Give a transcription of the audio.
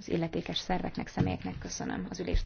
az illetékes szerveknek, személyeknek köszönöm az ülést.